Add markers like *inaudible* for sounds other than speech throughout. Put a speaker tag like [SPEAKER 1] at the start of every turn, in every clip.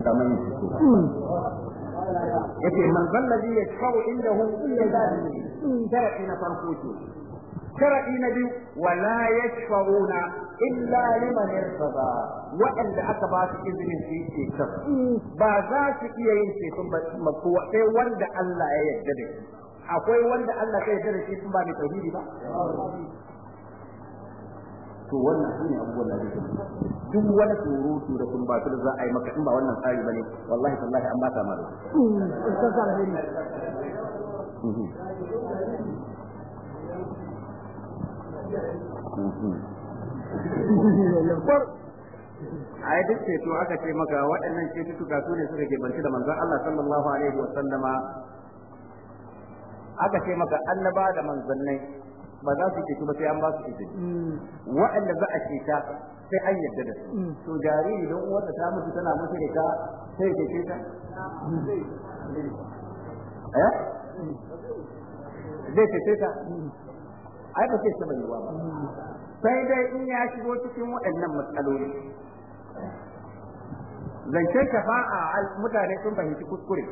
[SPEAKER 1] Yace yin fito
[SPEAKER 2] yake man ya shawo inda hu illa zalimi sharadi na farko ce sharadi na biyu wala yashfauna illa liman irtada wa'anda aka ba su izinin su yi ceton ba za su iya yin ceton ba sai wanda Allah ya yarda da shi akwai wanda Allah ya yarda da shi sun ba mai tauhidi ba to wannan shine abubuwan da ake duk wani surutu da kun batul da za a yi maka in ba wannan tsari bane wallahi tallahi an ba ta a yi duk ceto aka ce maka waɗannan cututtuka su ne suka kebanci da manzon Allah sallallahu alaihi Wasallama aka ce maka annaba da manzannai ba za su ceto kuma sai an ba su izini mm. wa'anda za a ta sai an yadda da su mm. to jariri don uwar da ta mutu tana mutu da ta sai ta ceta eh zai ke ta ai ba sai saba yiwa ba mm. sai dai in ya shigo cikin waɗannan matsaloli zancen shafa'a mutane sun fahimci kuskure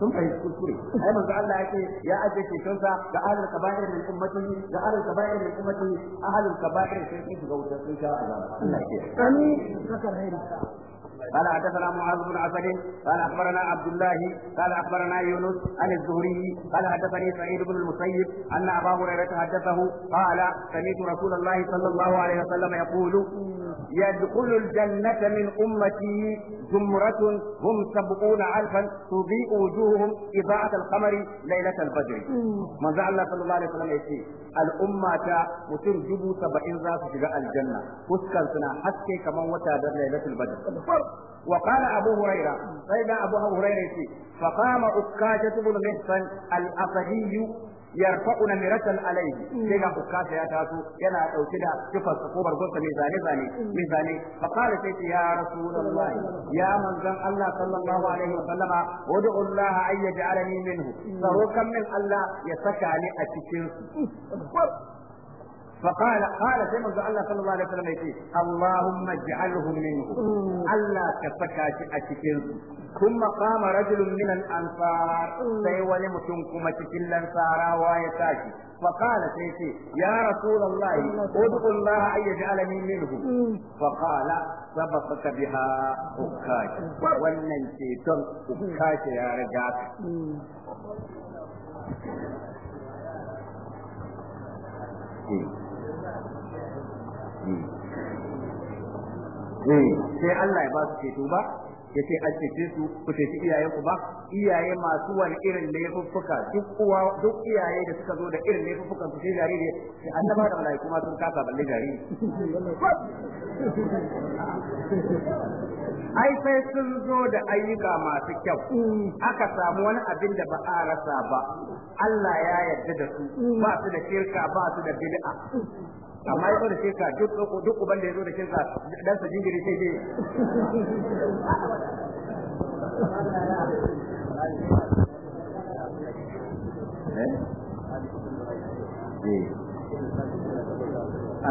[SPEAKER 2] sun fahimci kuskure ai manzo Allah ce ya ajiye cetonsa ga ahlul kaba'ir min ummatihi ga ahlul kaba'ir min ummatihi ahlul kaba'ir sai su ga wuta sun sha azaba Allah ya amin zakar hayra قال حدثنا معاذ بن اسد قال اخبرنا عبد الله قال اخبرنا يونس عن الزهري قال حدثني سعيد بن المسيب ان ابا هريره حدثه قال سمعت رسول الله صلى الله عليه وسلم يقول يدخل الجنة من أمتي زمرة هم سبقون ألفا تضيء وجوههم إضاءة القمر ليلة البدر من زعل الله صلى الله عليه وسلم يقول الأمة mutum dubu saba'in za su shiga aljanna fuskar suna haske kamar wata da lailatul badr وقال أبو هريرة سيدنا أبو هريرة فقام أكاشة بن محسن الأسدي yarfa una miratan alaihi sai da bukata ya taso yana ɗauke da kifar kobar gonsa mai zane zane mai zane fa ya rasulullahi ya manzon Allah sallallahu alaihi wa sallama wad'u Allah an yaj'alani minhu sarokan min Allah ya saka ni a cikin فقال قال سيما الله صلى الله عليه وسلم يقول اللهم اجعله منهم ألا كسكاش أشكر ثم قام رجل من الأنصار سيولي متنكم تكل الأنصار ويتاشي فقال سيتي يا رسول الله ادعو الله أن يجعلني منهم فقال سبقك بها أكاش وننتي تن أكاش يا رجاك Thank you. Eh, sai Allah ya ba su ceto ba ya ce an cece su ku ceci iyaye ku ba iyaye masu wani irin laifuffuka duk uwa duk iyaye da suka zo da irin laifuffukan su sai jariri sai annaba da malaiku ma sun kasa balle jariri ai sai sun zo da ayyuka masu kyau aka samu wani abin da ba a rasa ba Allah ya yarda da su ba su da shirka ba su da bid'a amma ya da shirka duk duk uban da ya zo da shirka dan sa jingiri sai dai
[SPEAKER 1] eh? eh.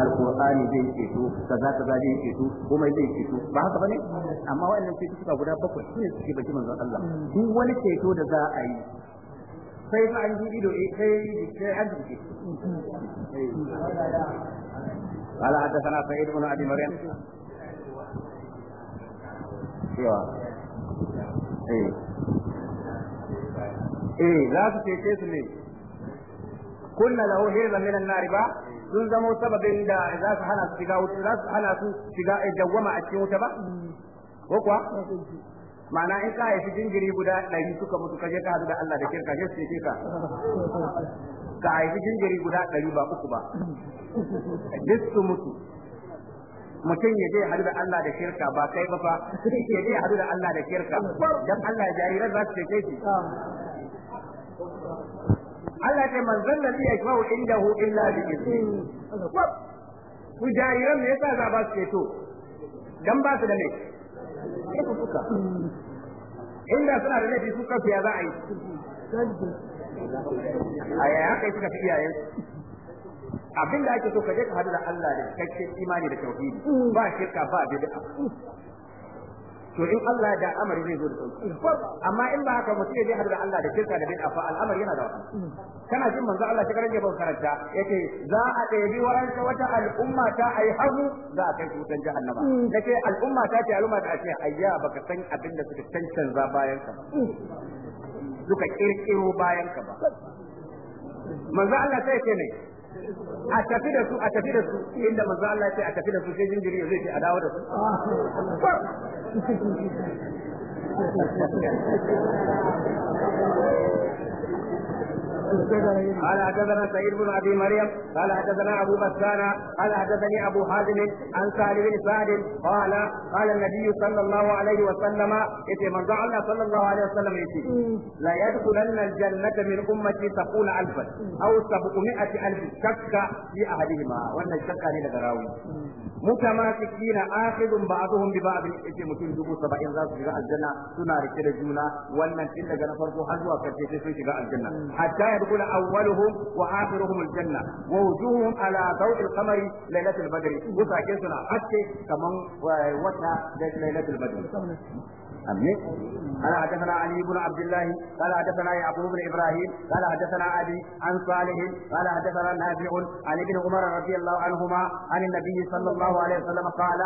[SPEAKER 2] alkur'ani zai ceto kaza kaza zai ceto komai zai ceto ba haka bane amma wa'annan ceto suka guda bakwai ne suke baki manzon Allah duk wani ceto da za a yi sai fa an ji ido eh sai sai an ji قال حدثنا سعيد eh ابي مريم ايه ايه su ne لي كنا له هربا من النار ba sun zama sababin da za su hana su shiga wuta za su hana su shiga dawwama a cikin wuta ba ko kuwa ma'ana in ka haifi jinjiri guda ɗari suka mutu kaje ka hadu da Allah da kirka je suke ka ka haifi jinjiri guda ɗari ba uku ba duk su mutu mutum ya je hadu da Allah da kirka ba kai ba fa ya je hadu da Allah da kirka dan Allah jariran za su ce shi Allah ce man nabi ya kawo indahu illa bi izni ku jariran me yasa za ba su ceto dan ba su da ne laifin suka inda suna da laifi su kansu ya za a yi a yaya kai suka fi abin da ake so ka je ka hadu da Allah da cikakken imani da tauhidi ba shirka ba bid'a to in Allah da amari zai zo da sauki amma in ba haka mutum zai hadu da Allah da kirka da bid'a fa al'amari yana da wahala kana jin manzo Allah shi karanje ban karanta yace za a ɗebi waranta wata al'umma ta ai za a kai su wutan jahannama nace al'umma ta ce al'umma ta ce ayya baka san abin da suka cancanza bayan ka ba suka kirkiro bayan ka ba manzo Allah sai ce ne a tafi da su a tafi da su inda manzo Allah ya ce a tafi da su sai jinjiri zai ce a dawo da su *laughs* قال حدثنا سعيد بن ابي مريم قال حدثنا ابو بسان قال حدثني ابو حازم عن سعد بن سعد قال قال النبي صلى الله عليه وسلم اتي من الله صلى الله عليه وسلم اتي لا يدخلن الجنه من امتي تقول الفا او سبعمائة الف شك في احدهما وان الشك هنا دراوي متماسكين اخذ بعضهم ببعض اتي متين دبو سبعين راس su الجنه aljanna suna rike da juna wannan tun daga na farko har zuwa يدخل أولهم وآخرهم الجنة ووجوههم على ضوء القمر ليلة البدر وساكن سنة حتى كمان وتا ليلة البدر أمين قال حدثنا علي بن عبد الله قال حدثنا يعقوب بن ابراهيم قال حدثنا ابي عن صالح قال حدثنا نافع عن ابن عمر رضي الله عنهما عن النبي صلى الله عليه وسلم قال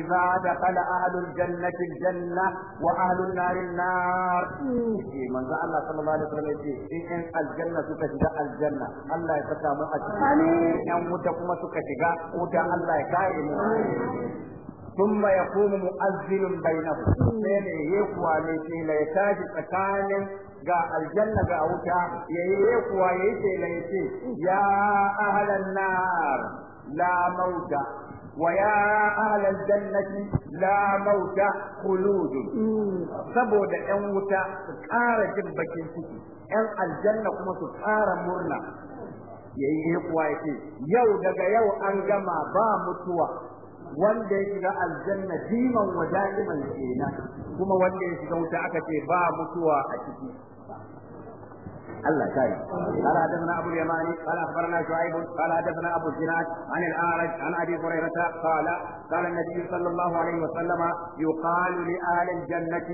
[SPEAKER 2] اذا دخل اهل الجنه الجنه واهل النار النار من الله صلى الله عليه وسلم ان الجنه تشجع الجنه الله يفتح من اجل ان متكم تشجع ودا الله يكاين ثم يقوم مؤذن بينهم sai ne ya kuwa ne ke la ya tashi tsakanin ga aljanna ga wuta ya yi ya kuwa ya yi ke ya ce ya ahalan la mauta ويا أهل الجنة لا موت خلود saboda ‘yan wuta su ƙara jin bakin ciki ‘yan aljanna kuma su ƙara murna ya yi kuwa ya ce yau daga yau an gama ba mutuwa wanda ya shiga aljanna diman wa da'iman kenan kuma wanda ya shiga wuta aka ce ba mutuwa a ciki الله تعالى قال حدثنا ابو اليماني قال اخبرنا شعيب قال حدثنا ابو الزناد عن الاعرج عن ابي هريره قال قال النبي صلى الله عليه وسلم يقال لاهل الجنه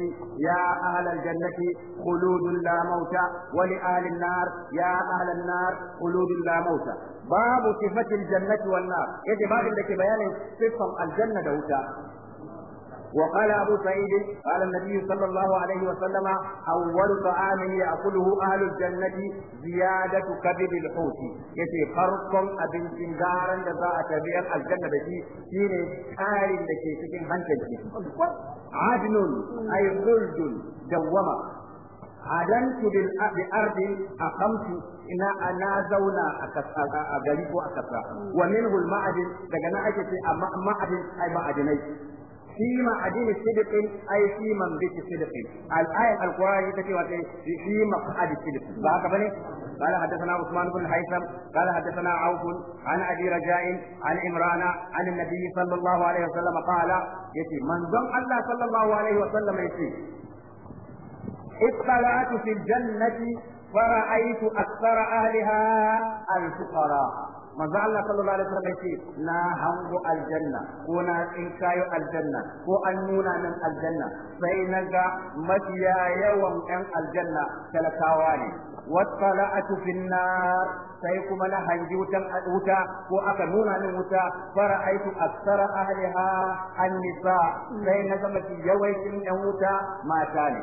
[SPEAKER 2] يا اهل الجنه خلود لا موت ولاهل النار يا اهل النار خلود لا موت babu sifatil jannati wan nar yace babin da ke bayanin sifan aljanna da wuta وقال أبو سعيد قال النبي صلى الله عليه وسلم أول طعام يأكله أهل الجنة زيادة كبد الحوت يتي فرقم أبن سنجارا لذا تبيع الجنة بشي كين كار لكي سكين هنشل عدن أي خلد دوما adantu bil ardi ardin aqamtu ina ana zauna a kasa a gari ko a kasa wa minhu al ma'adin daga nan ake ce amma ma'adin ai ma'adinai في معدن الصدق أي في منبت الصدق الآية القرآن تكي في مقعد الصدق ذاك بني قال حدثنا عثمان بن الهيثم قال حدثنا عوف عن أبي رجاء عن عمران عن النبي صلى الله عليه وسلم قال يتي من ظن الله صلى الله عليه وسلم يتي اطلعت في الجنة فرأيت أكثر أهلها الفقراء manzo Allah sallallahu alaihi wasallam yace na hango aljanna ko na tsinkayo aljanna ko an nuna nan aljanna sai na ga mafiya yawan ɗan aljanna talakawa ne wattala'atu fin nar sai kuma na hangi wuta ko aka nuna nan wuta fara'aitu aksara ahliha an-nisa sai na ga yawancin wuta mata ne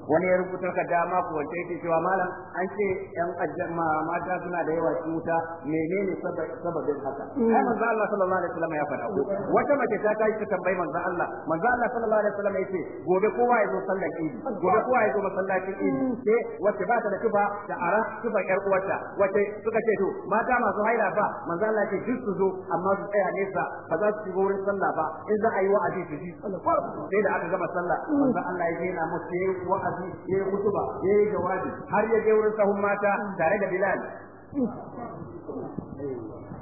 [SPEAKER 2] wani ya rubuta ka dama ku wance yake cewa malam an ce yan ajjama mata suna da yawa cuta menene sababin haka mm. ai manzo Allah sallallahu alaihi wasallam ya faɗa ko wata mace ta tashi ta tambayi manzo Allah manzo Allah sallallahu alaihi wasallam yace gobe kowa ya zo sallar idi gobe kowa ya zo masallacin idi mm. sai wace ba ta da tufa ta ara tufa yar uwarta wace suka ce to mata masu haila ba manzo Allah ce duk su zo amma su tsaya nesa ba za su shigo wurin sallah ba in za a yi wa'azi su ji sai da aka gama sallah mm. manzo Allah ya gina na musu wa'azi ya yi kutuba yi jawabi har ya je wurin sahun mata tare da Bilal Ya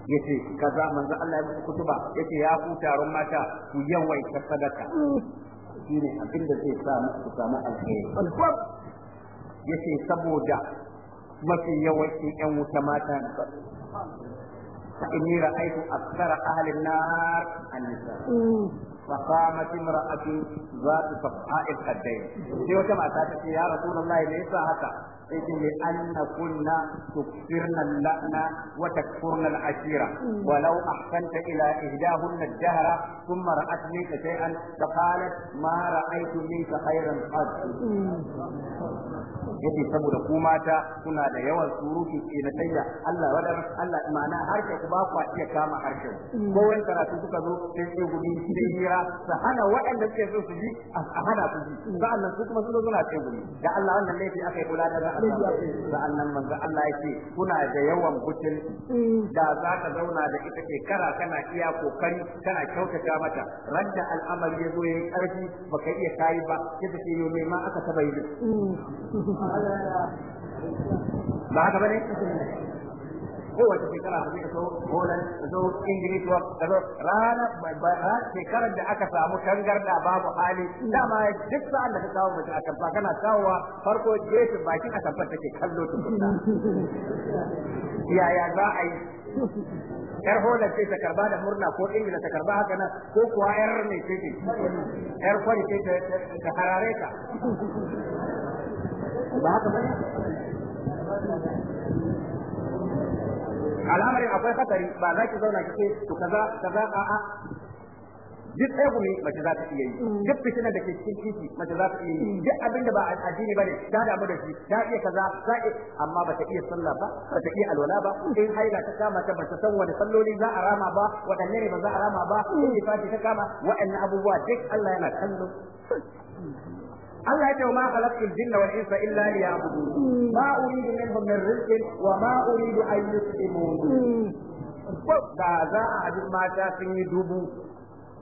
[SPEAKER 2] yace kaza manzo Allah ya yi kutuba yace ya ku taron mata ku ta sadaka ne abin da zai sa su samu alheri ce saboda mafi yawancin yan wuta mata ne inni ra'aytu aktsara ahli an-nar an-nisa فقامت امرأة ذات صفحاء الخدين sai wata mata ta ce ya rasulullahi me sa haka sai ce li anna kunna tukfirna la'na wa takfurna al'ashira walau ahsanta ila ihdahunna ad-dahra thumma ra'at sai an faqalat mara ra'aytu minka khayran qad yake saboda ku mata kuna da yawan suruki ke na tayya Allah wadar Allah ma'ana harshe ku ba ku iya kama harshe ko wani karatu kuka zo sai sai gudu sai hira sa hana waɗanda suke so su ji a hana su ji sa'annan su kuma suna ce da Allah wannan laifi aka yi kula da za Allah annan manzo Allah yake kuna da yawan butul da za ka zauna da ita ke kara kana iya kokari kana kyautata mata radda al'amari ya zo yayi karfi baka iya kai ba yadda ke yo ma aka taba yi ba haka bane kowace shekara su zo Holland su zo English work su zo rana shekarar da aka samu tangarda babu hali dama duk sa'an da ka kawo mace a kamfa kana kawowa farko gefe bakin a kamfar take kallo tukunna yaya za a yi yar Holland sai ta karba da murna ko Ingila ta karba haka nan ko kuwa yar ne ce yar kwari ce ta harare ka ba haka bane al'amarin akwai hatsari ba za ki zauna kike to kaza kaza a'a duk tsegumi mace za ta iya yi duk fitinar da ke cikin titi mace za ta iya yi duk abin da ba addini bane ta damu da shi ta iya kaza ta iya amma ba ta iya sallah ba ba ta iya alwala ba in haila ta kama ta san wani salloli za a rama ba waɗanne ne ba za a rama ba in ta kama waɗannan abubuwa duk Allah yana kallo Allah ya ce ma khalaqtul jinna wal insa illa liya'budun ma uridu minhum min rizqin wa ma uridu an yut'imun da za a abin mata sun yi dubu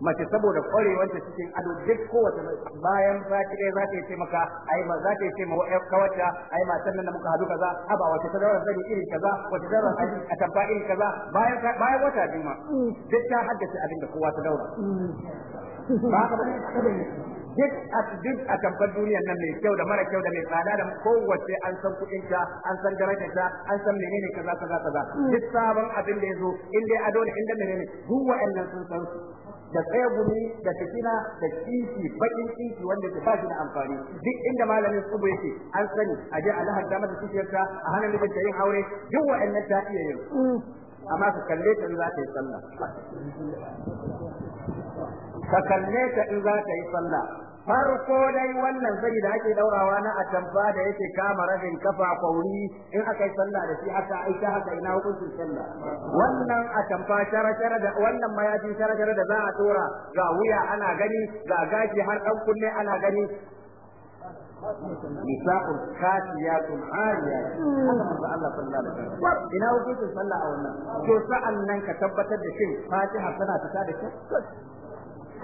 [SPEAKER 2] mace saboda kwarewanta cikin ado duk kowace bayan sati ɗaya za ta yi taimaka ai ma za ta yi taimaka ƴar kawata ai matan nan da muka hadu kaza haba wace ta daura zani irin kaza wace daura aji a tamfa irin kaza bayan bayan wata biyu ma duk ta haddace abin da kowa ta daura ba haka ba duk a duk a tabbar duniyar nan mai kyau da mara kyau da mai tsada da kowace an san kuɗin ta an san darajar ta an san menene kaza kaza kaza hmm. duk sabon abin da yazo in dai ado da inda menene duk wa'annan sun san su da tsegumi da fitina da kishi bakin kishi wanda ke bashi da amfani duk inda malamin tsubu yake an sani a je a lahar masa mata kishiyarta a hana mijinta yin aure duk wa'annan ta iya yin hmm. amma ka kalle ta za ta yi sallah ka kalle ta in za ta yi sallah farko dai wannan sai da ake daurawa na atamfa da yake kama rabin kafa kwauri in aka yi sallah da shi haka aisha haka ina hukuncin sallah wannan atamfa shara da wannan mayafi shara da za a tura ga wuya ana gani ga gaji har dan kunne ana gani nisa'un kasiyatun ariyat Allah sallallahu alaihi wasallam ina hukuncin sallah a wannan to sa'an nan ka tabbatar da shin fatiha tana fita da kyau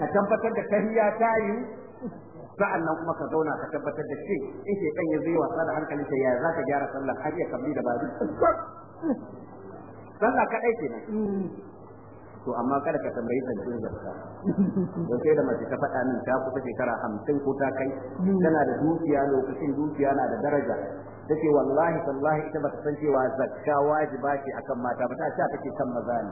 [SPEAKER 2] ka tabbatar da tahiyya ta yi Sa'an nan kuma ka zauna ka tabbatar da shi in ke ɗanyen ya zai wasa da hankali ta, yaya ka gyara sallar har ya kabli da bazu sallah aiki kenan to amma kada ka tambayi cin zarta don sai da mace ta faɗa min ta kusa shekara hamsin ko ta kai tana da dukiya lokacin dukiya na da daraja ke wallahi sallahi ita ba ta san cewa zakka wajiba ce akan mata ba ta sha take kan maza ne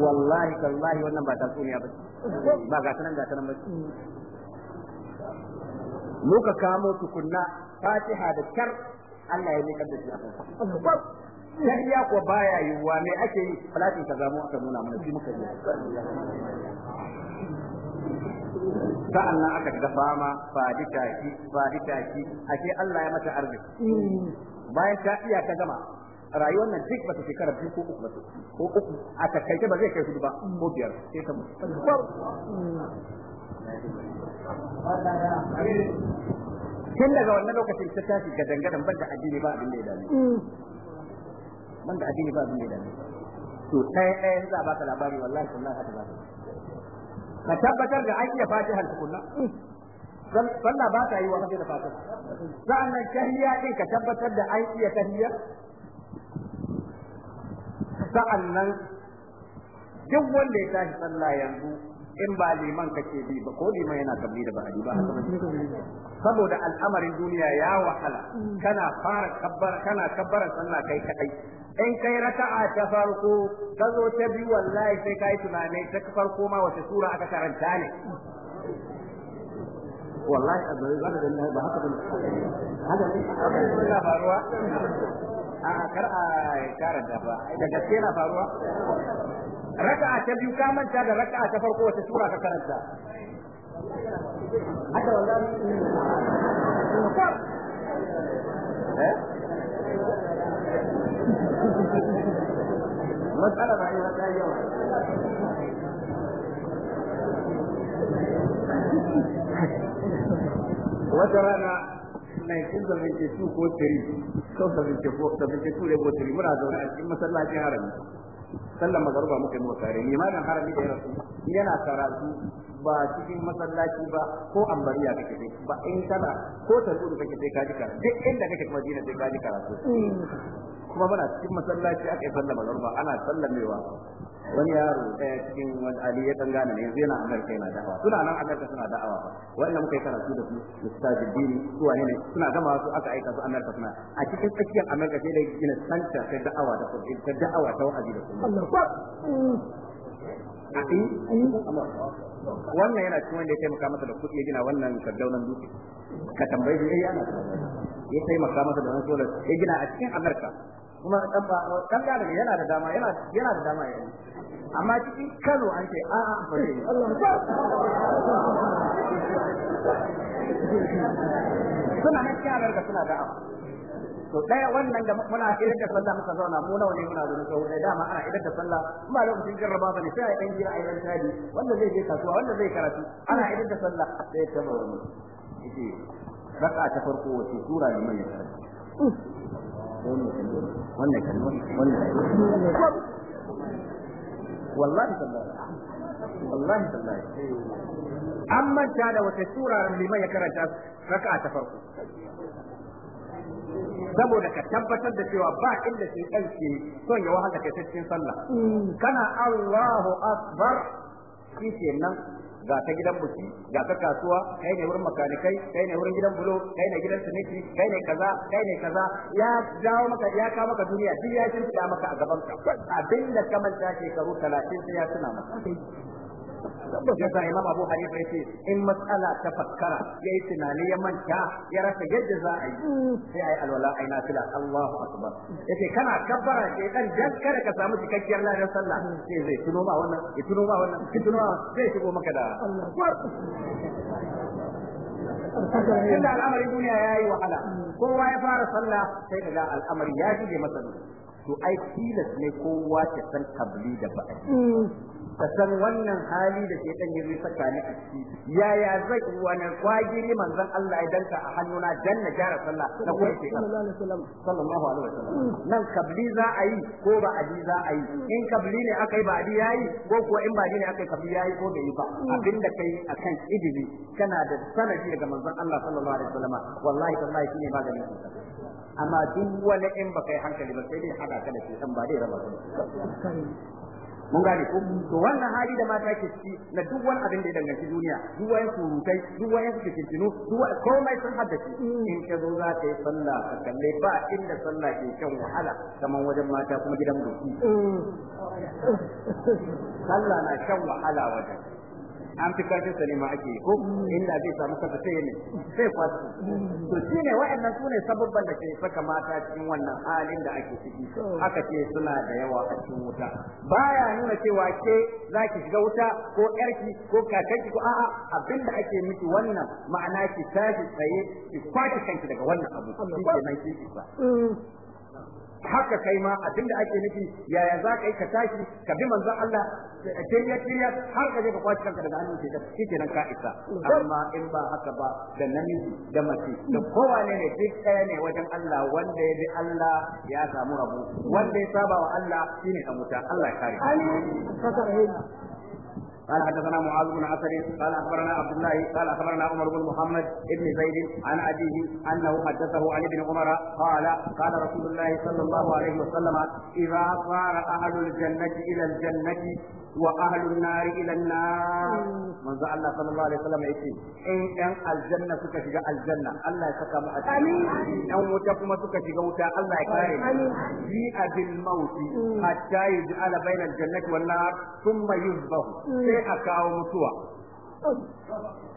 [SPEAKER 2] wallahi tallahi wannan ba ta tatsuniya ba ba ga sanan ga sanan ba muka kamo tukunna fatiha da kar Allah ya miƙa da shi a ya kuwa baya yi wa me ake yi falatin ka zamu aka nuna mana shi muka yi. Ta Allah aka ga fama fadi shi, fadi shi, ashe Allah ya mata arziki. Bayan ta iya ka gama rayuwar nan duk bata shekara biyu ko uku bata ko uku a takaice ba zai kai hudu ba ko biyar sai ta mutu tun daga wannan lokacin ta tashi ga dangadan ban da addini ba abin da ya dame mm. ban da addini ba abin da ya dame to ɗaya ɗaya za a baka labari wallahi sallah haka za ka tabbatar da an iya fatihar tukunna sallah mm. ba ta yi wa da fatiha sa'an nan tahiyya din ka tabbatar da an iya tahiyya sa'annan duk wanda ya tashi sallah yanzu in ba liman kake bi ba ko liman yana kabli da ba'adi ba haka saboda al'amarin duniya ya wahala kana fara kabbar kana kabbara sallah kai kadai in kai raka'a ta farko ka zo ta biyu wallahi sai kai tunanai ta farko ma wata sura aka karanta ne wallahi azza wa jalla ba haka ba haka ne ba ruwa a'a kar a kara gaba da gaske na faruwa raka'a ta biyu ka manta da raka'a ta farko wata sura ka karanta hada wallahi eh matsala ba yi wata yau wata rana 1972 ko 3 sau 72 muna zaune a cikin masallacin harami sallan magaruba muka yi mutare limanin ya rasu yana karatu ba cikin masallaci ba ko ambariya kake sai ba in kana ko tarbudu kake sai kaji karatu duk inda kake kuma dina kaji karatu mm. kuma muna cikin masallaci aka yi sallar magarba ana sallamewa wani yaro ɗaya cikin wani ali ya kan gane ne yanzu yana amurka yana da'awa suna nan amurka suna da'awa ba wanda muka yi karatu da su mustajid dini su wane ne suna gama su aka aika su amurka suna a cikin tsakiyar amurka sai da gina santa ta da'awa da kuma ta da'awa ta wa'azi da kuma wannan yana cikin wanda ya taimaka masa da kuɗi ya gina wannan sardaunan dutse ka tambayi da eh, ya yi ana ya taimaka masa da wani solar ya gina a cikin amurka kuma dan ba dan da ne yana da dama yana yana da dama yayi amma cikin Kano an ce a'a ba ne suna nan yaran ka suna da'awa to daya wannan da muna idan da sallah muka zauna mu nawa ne muna zuwa ko da dama ana idan da sallah ba lokacin jarraba ne sai a dan jira a yan tadi wanda zai je kasuwa wanda zai karatu ana idan da sallah sai ya tabbata wani. yake raka'a ta farko wace sura ne mai karatu wannan wannan wallahi tallahi wallahi tallahi an manta da wata sura liman ya karanta ta farko saboda ka tabbatar da cewa ba inda sai kai ke son ya wahala kai cikin sallah mm. kana Allahu akbar shi nan ga ta gidan buki ga ta kasuwa kai ne wurin makanikai kai ne wurin gidan bulo kai ne gidan siniki kai ne kaza kai ne kaza ya dawo maka ya kawo maka duniya duk ya shirya maka a gaban ka abinda ka manta shekaru talatin sai ya tuna maka ya sa imam abu hanifa yace in matsala ta fakkara yayi tunani ya manta ya rasa yadda za a yi sai ayi alwala ayi nafila Allahu akbar yace kana kabbara sai dan dan kada ka samu cikakkiyar ladan sallah sai zai tuno ma wannan ya tuno ma wannan ya tuno ma zai shigo maka da Inda al'amarin duniya ya yi wahala, kowa ya fara sallah sai daga al'amari ya shige masa to ai tilas ne kowa ta san tabli da ba'a. ka san wannan hali da ke ɗan yanzu saka ni a ciki yaya zai wani kwagiri manzon Allah ya danta a hannuna dan na gyara sallah na kuma ke sallallahu alaihi wasallam nan kabli za a yi ko ba adi za a yi in kabli ne aka yi ba adi yayi ko kuwa in ba adi ne aka yi kabli yayi ko bai yi ba abinda kai akan idili kana da sanadi daga manzon Allah sallallahu alaihi wasallam wallahi tallahi shine maganin amma duk wani in baka yi hankali ba sai dai hada ka da shi ba dai raba ka mun gane ko to wannan hali da mata ke ciki na duk wani abin da ya danganci duniya duk wani surutai duk wani suke kintinu duk wani komai sun haddace in ka zo za ka yi sallah ka kalle ba inda sallah ke kan wahala kamar wajen mata kuma gidan doki mm. sallah na shan wahala wajen an fi karfin sa ne ma ake yi ko inda zai samu kansa sai ne sai kwasu to shine wa'annan su ne sababban da ke saka mata cikin wannan halin da ake ciki aka ce suna da yawa a cikin wuta baya nuna cewa ke zaki shiga wuta ko yarki ko kakanki ko a'a abinda ake miki wannan ma'ana ki tashi tsaye ki kwace kanki daga wannan abu haka kai ma abinda ake nufi yaya za ka yi ka tashi ka bi manzon Allah kiriyar kiriyar har ka je ka kwaci kanka daga hannun shekar shi nan ka isa amma in ba haka ba da namiji da mace da kowa ne ne duk ɗaya ne wajen Allah wanda ya bi Allah ya samu rabu wanda ya saba wa Allah shine dan wuta Allah ya kare قال حدثنا معاذ بن عسر قال اخبرنا عبد الله قال اخبرنا عمر بن محمد بن زيد عن ابيه انه حدثه عن ابن عمر قال قال رسول الله صلى الله عليه وسلم اذا صار اهل الجنه الى الجنه wa ahlun nari ila nar manzo Allah sallallahu alaihi wasallam yace in ɗan aljanna suka shiga aljanna Allah ya saka mu a cikin ɗan wuta kuma suka shiga wuta Allah ya kare mu bi abil mauti hatta yuj'ala bainal jannati wan nar thumma yuzbahu sai a kawo mutuwa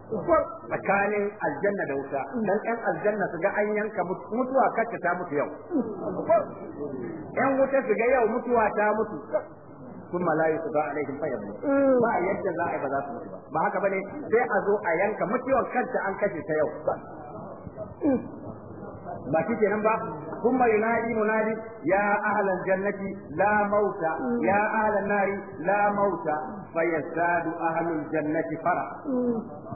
[SPEAKER 2] tsakanin aljanna da wuta dan ɗan aljanna su ga an yanka mutuwa kacce ta mutu yau ɗan wuta su ga yau mutuwa ta mutu thumma la yuqda alaihim fayabu mm. ba yadda za a yi ba za su mutu ba ba haka bane sai a zo a yanka mutuwar kanta an kashe ta yau mm. ba shi kenan ba kuma yunadi munadi ya ahlan jannati la mauta mm. ya ahlan nari la mauta fayazadu ahlul jannati fara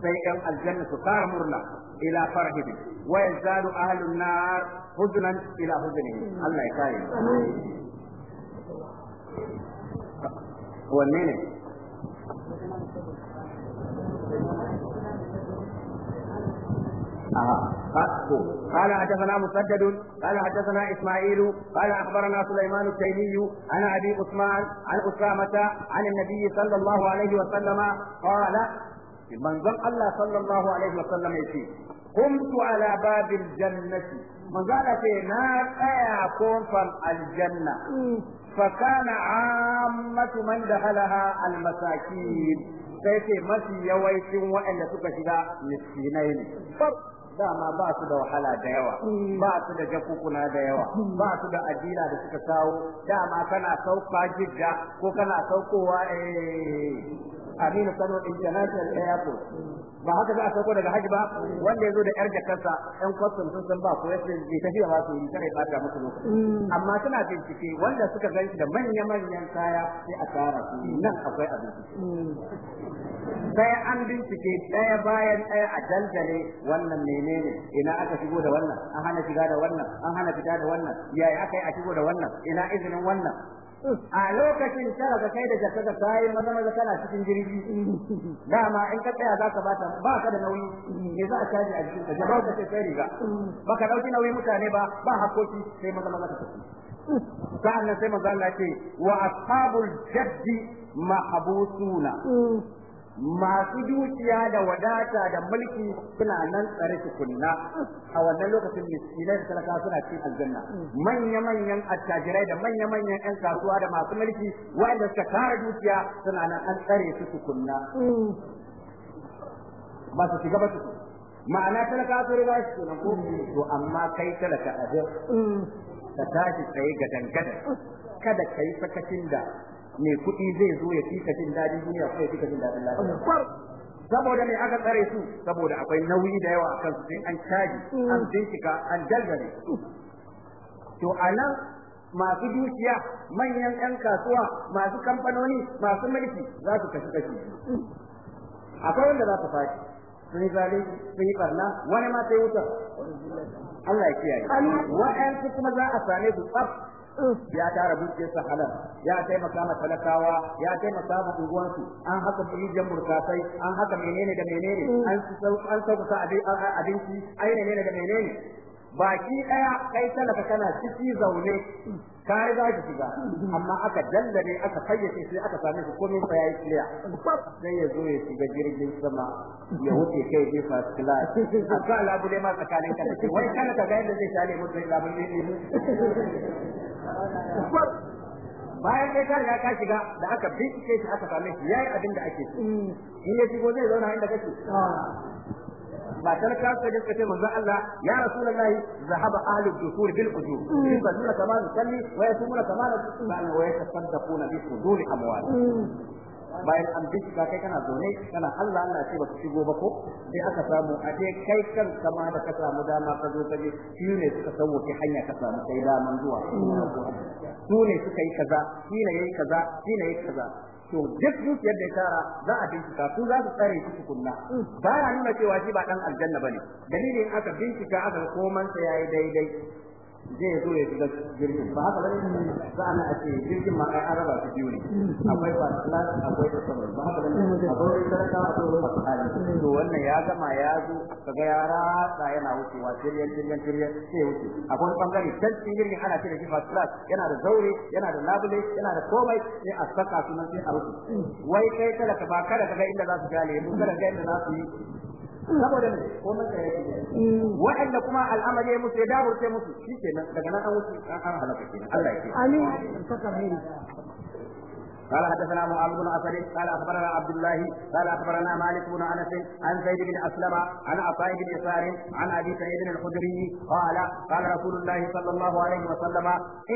[SPEAKER 2] sai yan aljanna su fara murna ila farhihim wa yazadu ahlun nar huznan ila huznihim Allah ya kare wanne ne قال حدثنا مسدد قال حدثنا اسماعيل قال اخبرنا سليمان التيمي عن ابي عثمان عن اسامه عن النبي صلى الله عليه وسلم قال من ظن الله صلى الله عليه وسلم يشي قمت على باب الجنه من قال في نار ايا الجنه فكان عامة من دخلها المساكين yawancin مسي suka shiga miskinai ne. dama ba su da wahala da yawa ba su da jakukuna da yawa ba su da adila da suka kawo dama kana sauka jidda ko kana saukowa eh Aminu sanu International Airport ba haka za a sauko daga haji ba wanda ya zo da yar jakarta yan kwastom sun san ba ko ya ce bai tafiya ba su yi kare ta musu lokaci mm. amma suna bincike wanda suka gan da manyan manyan kaya sai a tara su nan akwai abin mm. Sai an bincike daya bayan daya a dandale wannan menene ina aka shigo da wannan an hana shiga da wannan an hana fita da wannan yaya aka yi a shigo da wannan ina izinin wannan a lokacin tara ka kai da jaka da sai maza maza kana cikin jirgi dama in ka tsaya za ka bata ba ka da nauyi me za a kaji a jikin ka ba ka ce sai riga baka dauki nauyi mutane ba ba hakoki sai maza maza ka tafi sa'an nan sai manzo Allah ce wa ashabul jaddi mahbusuna masu dukiya da wadata da mulki suna nan tsare tukunna a wannan lokacin miskinai da talaka suna cikin aljanna manya-manyan attajirai da manya-manyan 'yan kasuwa da masu mulki wanda suka kara dukiya suna nan an tsare su tukunna ba su shiga ba su ma'ana talaka su riga su nan ko to amma kai talaka a ka tashi tsaye ga dangada kada kai sakacin da mai kuɗi zai zo ya fi jin daɗin duniya ko ya fika jin daɗin lafiya saboda me aka tsare su saboda akwai nauyi da yawa akan su sai an caji mm. an bincika an dalgare to nan, masu dukiya manyan ƴan kasuwa masu kamfanoni masu mulki za su kashi kashi mm. akwai wanda za su faɗi. sun yi zalunci sun yi ɓarna wani ma sai wuta Allah ya kiyaye wa'ansu kuma za a same su tsaf ya tara bukiyar halal ya taimaka ma talakawa ya taimaka ma unguwansu an haka rijiyar burkasai an haka menene da menene an sauƙaƙa abinci ai menene da menene baki ɗaya kai talaka kana ciki zaune ka riga ki shiga amma aka dandare, aka fayyace sai aka same shi komai fa yayi clear sai ya zo ya shiga jirgin sama ya wuce kai je first class aka labule ma tsakanin ka wai kana ka ga yadda zai shale mutum labule ne bayan kai ka riga ka shiga da aka bincike shi aka same shi yayi abin da ake mm. in ya shigo zai zauna inda kake ba talaka suka je suka ce manzo Allah ya rasulullahi zahaba ahli dusur bil ujur yusalluna mm. kama yusalli wa yasumuna kama yasum wa yatasaddaquna bi suduri amwali mm. bayan an bincika kai kana zaune kana Allah Allah ce baka shigo ba ko sai aka samu a dai kai kan kama da ka samu dama ka zo ka je shi ne suka ki hanya ka samu kai daman zuwa su ne suka yi kaza shi ne yayi kaza shi ne yayi kaza to duk dukiyar da ya tara za a bincika su za su tsare ci tukunna ba ya nuna cewa shi ba dan aljanna bane dalilin aka bincika aka komansa yayi daidai zai zo ya shiga jirgin ba haka bane a ce jirgin ma ai araba su biyu ne akwai ba class akwai da sabar ba haka bane mm. to wannan ya gama ya zo kaga ya ratsa yana wucewa jirgin jirgin jirgin sai wuce akwai wani bangare can cikin jirgin ana cire da shi ba class yana da zaure yana da labule yana da komai sai a saka sunan sai a rufe. Mm. wai kai kada ka ba kada ka ga inda za su ga lemu kada ga inda za su yi saboda ne ko maka yake wa'anda kuma al'amari ya musu ya daburce musu shikenan daga nan an wuce an halaka kenan Allah ya kiyaye amin saka hairi قال حدثنا محمد بن اسد قال اخبرنا عبد الله قال اخبرنا مالك بن انس عن زيد بن اسلم عن عطاء بن يسار عن ابي سعيد الخدري قال قال رسول الله صلى الله عليه وسلم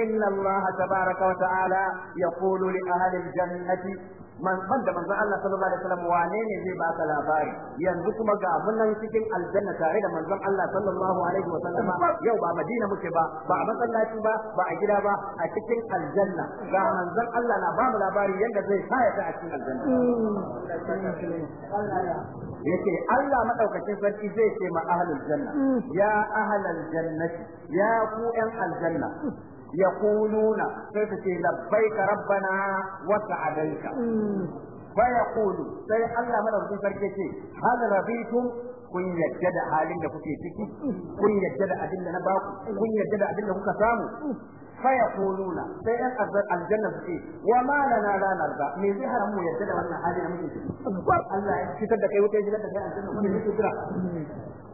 [SPEAKER 2] ان الله تبارك وتعالى يقول لاهل الجنه man da manzon Allah sallallahu alaihi wasallam wane ne zai baka labari yanzu kuma ga munan cikin aljanna tare da manzon Allah sallallahu alaihi wasallama yau ba Madina muke ba ba a masallaci ba ba a gida ba a cikin aljanna ga manzon Allah na ba mu labari yanda zai ta a cikin aljanna yake Allah madaukakin sarki zai ce ma ahlul janna ya ahlal jannati ya ku ƴan aljanna يقولون سيفتي لبيك ربنا وسعديك فيقول سي الله من أرضي هل رضيتم kun yadda da halin da kuke ciki kun yadda da abin da na baku kun yadda da abin da kuka samu fa kununa sai an azar aljanna su ce wa ma lana la narda me zai hana mu yadda da wannan halin da muke ciki Allah ya fitar da kai wuta ya da kai aljanna kuma ne kira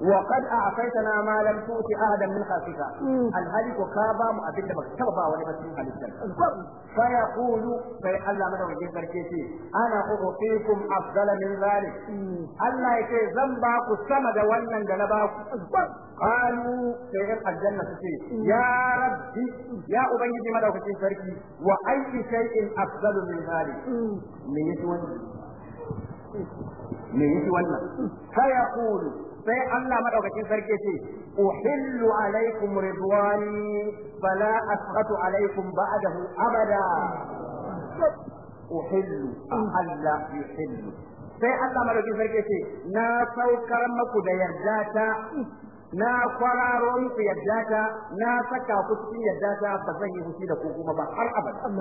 [SPEAKER 2] وقد أعطيتنا ما لم تؤت أحدا من خلقك الهلك وكابا مؤبد مكتبا ولبسين خلقك فيقول في الله من وجه بركيتي أنا أعطيكم أفضل من ذلك الله يكي زنباك sama da wannan da na ba ku qalu sai yan aljanna suke ya rabbi ya ubangiji madaukakin sarki wa ayyi shay'in afdalu min hali. me yake wannan me yake wannan sai ya kulu sai Allah madaukakin sarki ce uhillu alaikum ridwani fala asqatu alaikum ba'dahu abada uhillu ahalla yuhillu sai Allah madauki sarki ce na saukar maku da yarda ta na kwararo ku yarda ta na saka ku cikin yarda ta ba zan yi fushi da ku kuma ba har abada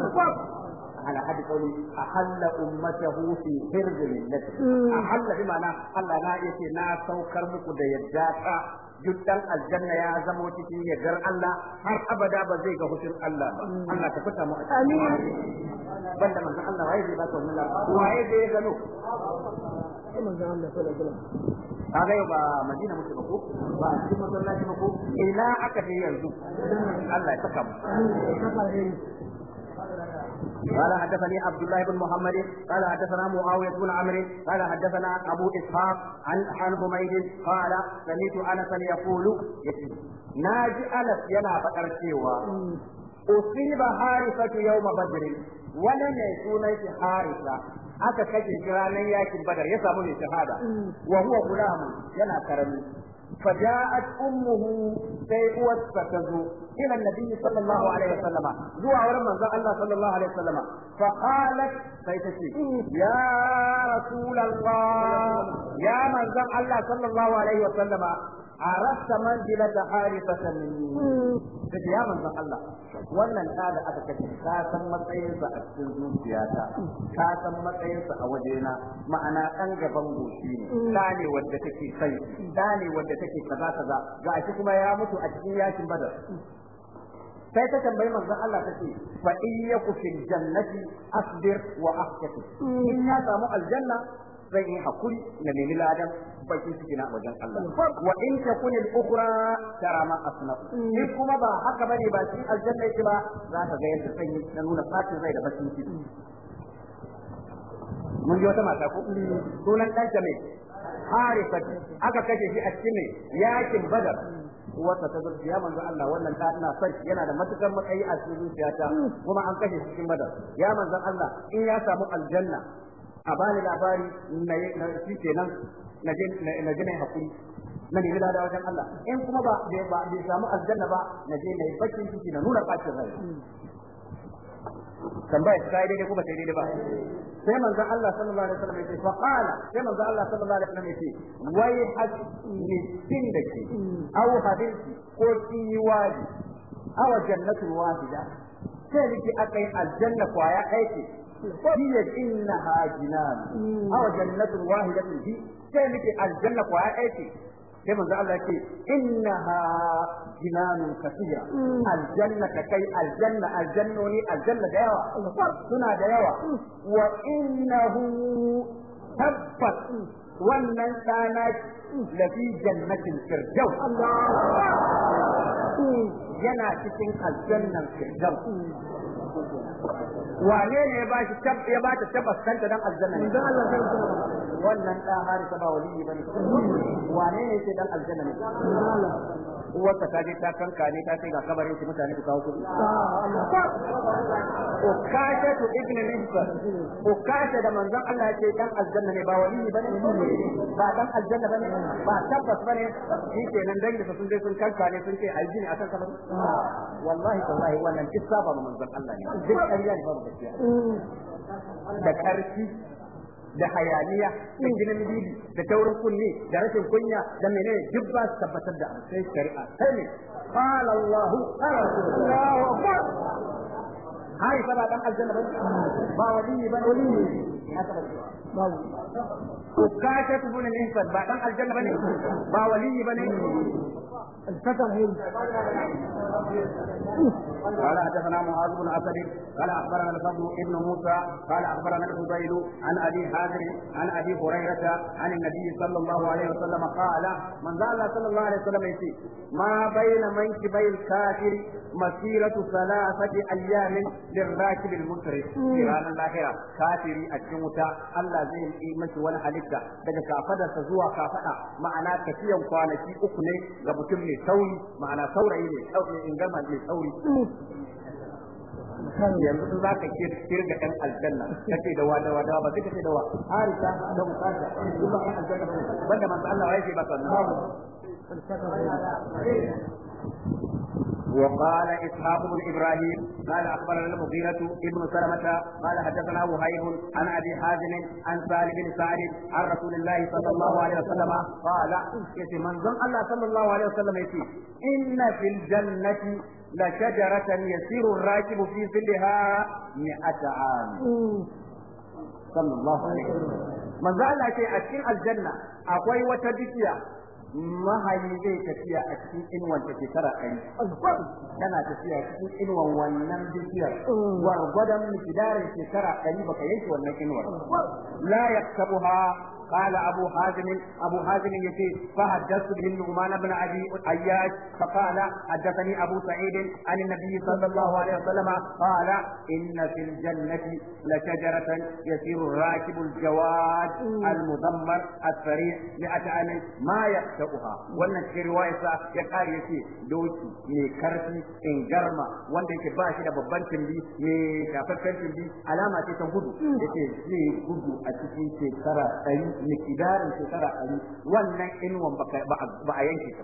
[SPEAKER 2] ala hadi qawli ahalla ummatahu fi hirdin nafs hmm. ahalla bi ma'ana Allah na yace na saukar muku da yarda ta duk aljanna ya zama cikin yardar Allah har abada ba zai ga hutun Allah ba Allah ka mu amin banda manzon Allah waye zai ba waye zai manzon Allah sallallahu alaihi wasallam kaga yau ba Madina muke ba ko ba cikin masallaci ba ko aka yanzu Allah ya saka mu قال حدثني عبد الله بن محمد قال حدثنا معاوية بن عمرو قال حدثنا أبو إسحاق عن عن حميد قال سمعت أنس يقول ناجي أنس ينا فكر أصيب حارثة يوم بدر ولم يكون حارثة aka kashe shi ranar yakin badar ya samu mai shahada wa huwa gulamu yana karami فجاءت أمه سيقوة فتزو إلى النبي صلى الله عليه وسلم زوى ورمى الله صلى الله عليه وسلم فقالت سيتشي يا رسول الله يا من الله صلى الله عليه وسلم arasta manzilata ta minni kace ya manzon Allah wannan da da aka kace san matsayinsa a cikin zuciyata ka san matsayinsa a wajena ma'ana dan gaban goshi ne da ne wanda take kai da shi kuma ya mutu a cikin sai ta tambayi manzon Allah ta ce fa in yaku fil jannati asbir wa ahkati in ya samu aljanna zan yi hakuri na nemi ladan baki suke na wajen Allah mm. wa in takun al-ukhra tara ma mm. in kuma ba haka bane ba shi aljanna yake ba za ka ga yadda sanyi na nuna fatin zai da bakin ciki mm. mun ji wata mata ko sunan dan ne, mai aka kashe shi a cikin ne yakin badar wata ta zurfi ya manzo Allah wannan ta ina son yana da matukar matsayi a cikin zuciyata kuma an kashe shi cikin badar ya manzo Allah in ya samu aljanna a bani labari na shi kenan na jinai haƙuri hakuri na nemi lada wajen Allah in kuma ba ba bai samu aljanna ba na je na yi bakin ciki na nuna bakin rai tambaya ta yi daidai ko ba ta yi daidai ba sai manzon Allah sallallahu alaihi wasallam yace fa qala sai manzon Allah sallallahu alaihi wasallam yace wai hakkin da ke au hadisi ko kinyi waji aw jannatul da sai nake akai aljanna kwaya aiki هي إنها جنان أو جنة واحدة هي كانت الجنة وآتي كما قال لك إنها جنان كثيرة الجنة كي الجنة الجنة الجنة ديوة سنة ديوة وإنه تبت ومن كانت لفي جنة الفرجو الله ينا cikin الجنة الفرجو wane ne ya bashi ya bata tabbas kanta dan aljanna ne dan Allah wannan da harisa ba wali bane wane ne sai dan aljanna ne uwarsa ta je ta kanka ne ta ce ga kabarin shi mutane su kawo kuɗi ukasha to ibn mihsan ukasha da manzon Allah ya ce dan aljanna ne ba wani wali bane ba dan aljanna bane ba tabbas bane shi nan dan da sun je sun kanka ne sun ce aljini akan kabarin wallahi wallahi wannan duk saba manzon Allah ne duk ƙarya ne babu gaskiya da ƙarfi da hayaniya da gidan bibi da taurin kunne da rashin kunya da menene duk ba su tabbatar da sai shari'a sai ne qala Allahu qala Allahu akbar hai saba dan aljanna ba wali ba wali ne ka ta ne ba dan aljanna ba wali قال حدثنا معاذ بن اسد قال اخبرنا الفضل ابن موسى قال اخبرنا الفضيل عن ابي حازم عن ابي هريره عن النبي صلى الله عليه وسلم قال من قال صلى الله عليه وسلم يسي ما بين منكبي الكافر مسيرة ثلاثة أيام للراكب المسرف في رانا الآخرة كافري الجموتة الله زي الإيمة والحلقة دقا كافدة سزوى كافدة معنا كثيرا كوانكي أكني mutum mai sauri ma'ana saurayi mai sauri in gama mai sauri kan yanzu za ka ke da ɗan aljanna ka ce da wada wada ba zai ka ce da wa harisa da mukasa in ba ɗan aljanna ba ne banda manzo Allah ya ce ba sannan وقال إسحاق بن إبراهيم قال أخبرنا المغيرة ابن سلمة قال حدثنا وهيب عن أبي حازم عن سالم بن سعد عن رسول الله صلى الله عليه وسلم قال يتي من ظن الله صلى الله عليه وسلم يتي إن في الجنة لشجرة يسير الراكب في ظلها مئة عام صلى الله عليه وسلم من ظن الله a cikin aljanna akwai wata bishiya mahayi zai tafiya a cikin inuwan ta shekara ɗari tana tafiya cikin inuwan wannan bishiyar gwargwadon mikidarin shekara ɗari baka yanke wannan inuwar la yaktabuha قال أبو حازم أبو حازم يتي فحدثت به النعمان بن أبي أياش فقال حدثني أبو سعيد عن النبي صلى الله عليه وسلم قال إن في الجنة لشجرة يسير الراكب الجواد المدمر السريع مئة ألف ما يقتأها وأن في رواية يقال يتي دوشي ميكرتي إنجرما وأن باشي babban tumbi mai shafaffen tumbi alama ce ta gudu yace zai gudu a cikin shekara ɗari mikidarin shekara ɗari wannan inuwan ba a yanke ta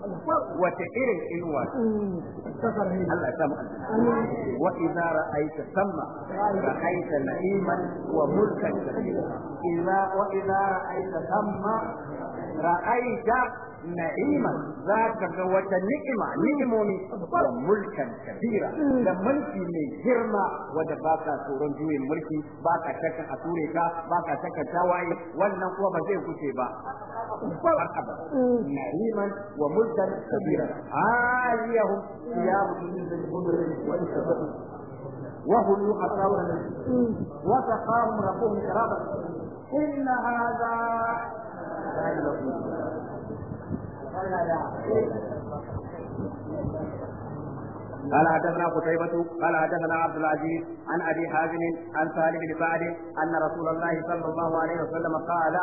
[SPEAKER 2] wata irin inuwa Allah ya samu wa idza ra'aita samma ra'aita na'iman wa mulkan kabira idza wa idza ra'aita samma ra'aita na'iman za ka ga wata ni'ima ni'imomi wa mulkan kabira da mulki mai girma wanda ba ka tsoron juyin mulki ba ka shakkan a ture ka ba ka shakkan tawaye wannan kuwa ba zai kuce ba na'iman wa mulkan kabira aliyahum siyamu min khudri wa وهم يقطعون وتقام ربهم شرابا إن هذا قال حدثنا قتيبة قال حدثنا عبد العزيز عن ابي حازم عن صالح بن سعد ان رسول الله صلى الله عليه وسلم قال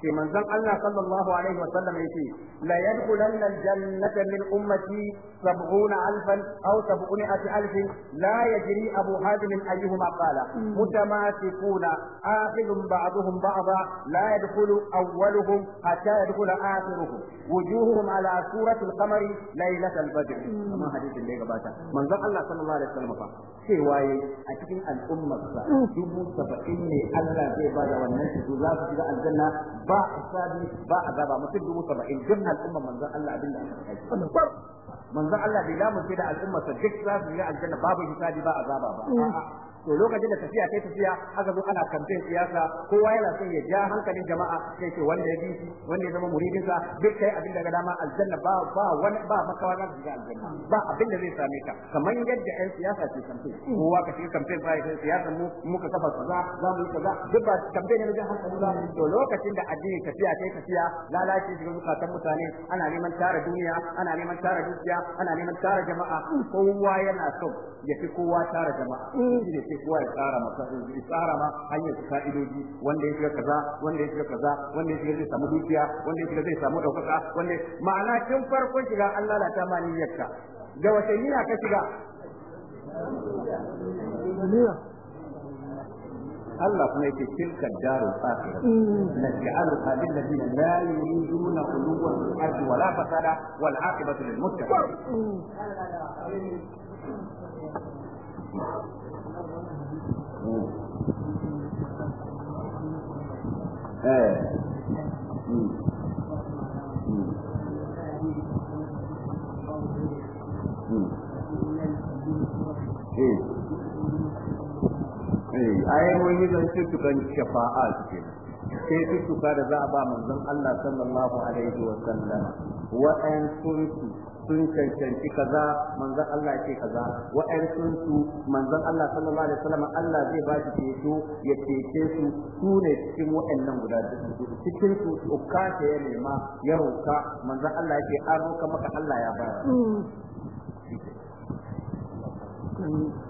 [SPEAKER 2] ce manzon Allah sallallahu alaihi wasallam yace la yadkhulanna aljannata min ummati alfan aw 700000 la yajri abu hadim ayyuhuma qala mutamatikuna akhidhum ba'dhum ba'dha la yadkhulu awwaluhum hatta yadkhula akhiruhum wujuhuhum ala surati alqamari laylatal badr amma hadisin da ya gabata manzon Allah sallallahu alaihi wasallam fa waye a cikin al'ummarsa dubu saba'in ne Allah zai ba da wannan su za su shiga aljanna ba a isabi ba a azaba mutum dubu saba'in duk al'umma manzon Allah abin da aka kai manzon Allah bai lamunce da al'umma sa duk za su yi aljanna babu hisabi ba a azaba ba to lokacin da tafiya kai tafiya aka zo ana kamfen siyasa kowa yana son ya ja hankalin jama'a sai ce wanda ya bi wanda ya zama muridin sa duk kai abin da ga dama aljanna ba ba wani ba makawa za ga aljanna ba abin da zai same ka kamar yadda ɗan siyasa ke kamfen kowa ka shiga kamfen ba ya siyasa mu muka kafa kaza za mu yi kaza duk ba kamfen ne ga hankali ba to lokacin da addini tafiya kai tafiya lalace shiga zukatan mutane ana neman tara duniya ana neman tara dukiya ana neman tara jama'a kowa yana son ya fi kowa tara jama'a inji ya fi kowa ya tsara masa ya tsara ma hanyar su ka'idoji wanda ya shiga kaza wanda ya shiga kaza wanda ya shiga zai samu dukiya wanda ya shiga zai samu ɗaukaka wanda ma'ana tun farkon shiga an lalata ma niyyarka da wace niyya ka shiga Allah الله كما يقول تلك الدار الآخرة نجعلها للذين لا يريدون علوا في الأرض ولا فسادا والعاقبة للمتقين ai mun yi zan cutukan shafa'a suke kyaututtuka da za a ba manzon Allah sallallahu alaihi wa sallam wa an kuntu sun cancanci kaza manzon Allah ce kaza wa an kuntu manzon Allah sallallahu alaihi wa sallam Allah zai ba shi ceto ya cece su su ne cikin wa'annan guda cikin su ukka ta ya nema ya roka manzon Allah ya ce an roka maka Allah ya ba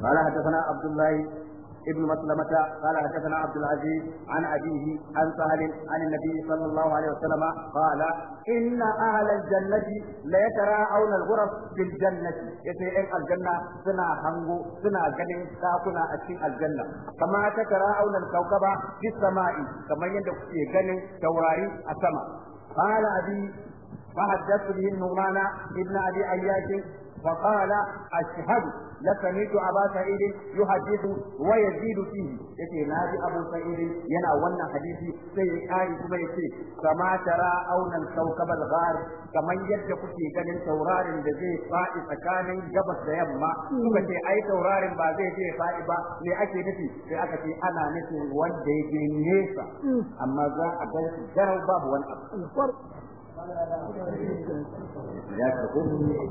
[SPEAKER 2] قال حدثنا عبد الله ابن مسلمة قال حدثنا عبد العزيز عن أبيه عن سهل عن النبي صلى الله عليه وسلم قال إن أهل الجنة لا يتراءون الغرف في الجنة يتي الجنة سنا هنغو سنا جنين ساكنا أشين الجنة كما تتراءون الكوكب في السماء كما يندق في جنين توراري السماء قال أبي فحدثت به النعمان ابن أبي أياش فقال أشهد لسمعت أبا سعيد يحدث ويزيد فيه يتي نادي أبو سعيد ينا ونا حديثي سي آي كما يتي كما ترى أونا الكوكب الغار كما يجد كتي كان تورار بزي فائي سكان جبس ديما كما تي أي تورار بازي تي فائي با لأكي نتي لأكي أنا نتي ودي جنيسا أما ذا أبنك جروا باب وان أبنك ya karɓi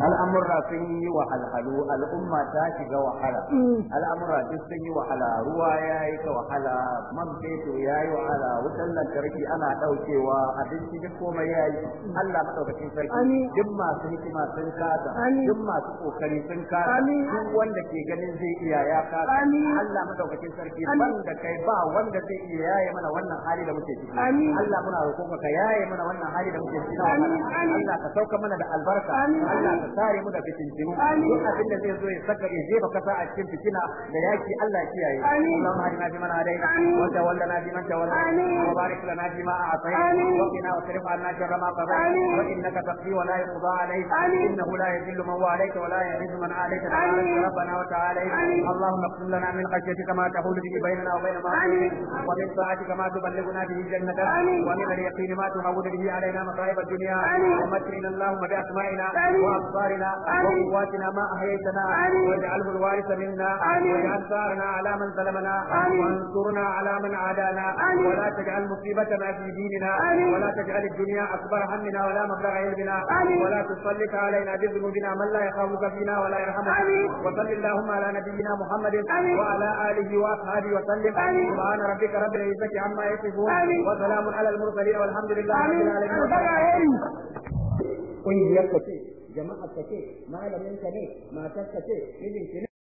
[SPEAKER 2] al'amurra sun yi wahalhalu al'umma ta shiga wahala mm. al'amurra duk sun yi wahala ruwa ya yi ta wahala man fetur ya yi wahala wutan lantarki ana daukewa abinci duk komai ya yi mm. Allah madaukakin sarki duk masu hikima sun kasa duk masu kokari sun kasa duk wanda ke ganin zai iya ya kasa Allah madaukakin sarki ban da kai ba wanda zai iya yaye mana wannan hali da muke ciki Allah muna roƙonka ka yaye mana wannan hali da muke ciki Allah ka sauka mana da albarka Allah ka kare mu da fitintinu duk abin da zai zo ya saka ya jefa kasa a cikin fitina da yaki Allah ya kiyaye Allahumma hadina fi man hadaita wa tawallana fi man tawallaita wa barik lana fi ma a'taita wa qina wa sarif 'anna sharra ma qadayta wa innaka taqdi wa la yuqda 'alayka innahu la yadhillu man walayta wa la yu'izzu man 'alayta ربنا وتعالى اللهم اغفر لنا من خشيتك ما تحول به بيننا الدنيا ومتعنا اللهم بأسمائنا أبصارنا وقواتنا ما أحييتنا واجعله الوارث منا واجعل ثارنا على من ظلمنا وانصرنا على من عادانا ولا تجعل مصيبتنا في ديننا ولا تجعل الدنيا أكبر همنا ولا مبلغ علمنا ولا تسلط علينا بذنوبنا من لا يخافك فينا ولا يرحمنا وصل اللهم على نبينا محمد وعلى آله وأصحابه وسلم سبحان ربك رب العزة عما يصفون وسلام على المرسلين والحمد لله رب العالمين ƙungiyar ka ce jama'a ka ce malamin ka ne matar ka ce mijin ki ne